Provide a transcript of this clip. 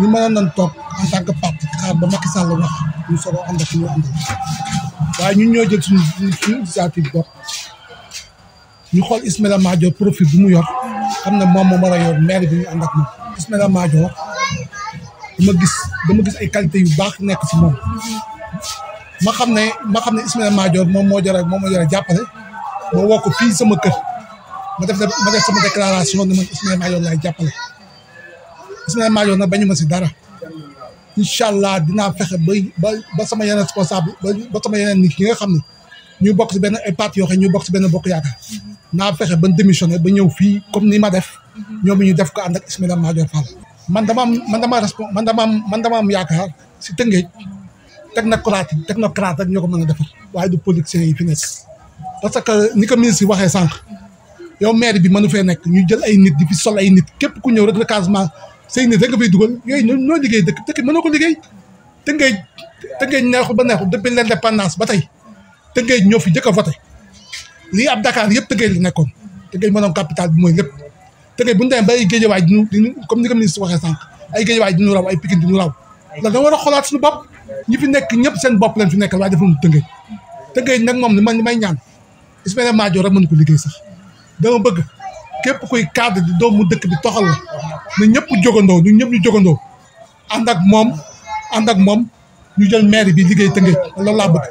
ñu mënoon nañ toog en tant que parti ba Macky Sall wax ñu soog a ànd ak ñu àndal waaye ñoo jël suñu suñu bopp ñu xool Ismaïla Madior profil bi mu yor xam ne moom moo ma a yor maire bi ñu ànd ak moom Ismaïla Madior dama gis gis ay qualité yu baax nekk ci moom xam ne ma xam ne Ismaïla Madior moom moo jore moom moo jore jàppale ma woo ko sama kër ma def ma def sama déclaration ne man Ismaïla laay jàppale finalement yoon na bañu ma si dara inshallah dina dinaa fexe ba ba sama yeneen responsable ba sama yeneen nit ñi nga xam ne ñu bokk si benn ay parti yoo xam ñu bokk si benn bokk yaakaar naa fexe ba démissionné ba ñëw fii comme ni ma def ñoom ñu def ko ànd ak Ismaïla Madior Fall man dama man dama respon man dama man dama am yaakaar si tëngeej technocrate technocrate ak ñoo ko mën a defar waaye du politiciens yi fi nekk parce que ni ko ministre yi waxee sànq yow maire bi mënu fee nekk ñu jël ay nit di fi sol ay nit képp ku ñëw rek le casement say nit rek nga fay dugal yooyu ñoo ñoo liggéey dëkk dëkk mënoo ko liggéey Tëngéej Tëngéej neexul ba neexul depuis l'indépendance ba tey Tëngéej ñoo fi njëkk a voté lii ab Dakar yëpp Tëngéej la nekkoon Tëngéej moo doon capital bi mooy lépp Tëngéej bu ñu demee ba ay géejewaay di ñu di ñu comme ni ko ministre waxee sànq ay géejewaay di ñu ay Pikine di ñu raw la war a xoolaat suñu bopp ñi fi nekk ñëpp seen bopp leen fi nekkal waaye dafa mu Tëngéej Tëngéej nag moom li man li may ñaan Ismaïla Madior rek mënu ko liggéey sax dama bëgg képp kuy cadre di doomu dëkk bi toxal na ñëpp jógandoo ñu ñëpp ñu jógandoo ànd ak moom ànd ak moom ñu jël maire bi liggéey Tëngéej loolu laa bëgg